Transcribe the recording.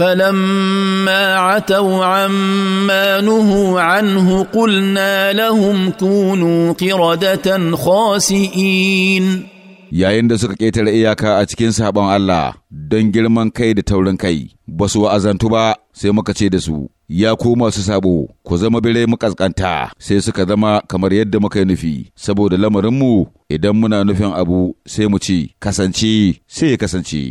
فلما عتوا عما نهوا عنه قلنا لهم كونوا قردة خاسئين yayin da suka ƙetare iyaka a cikin saɓon Allah don girman kai da taurin kai ba su wa'azantu ba sai muka ce da su ya ku masu sabo ku zama birai makaskanta sai suka zama kamar yadda muka yi nufi saboda lamarinmu idan muna nufin abu sai mu ci kasance sai ya kasance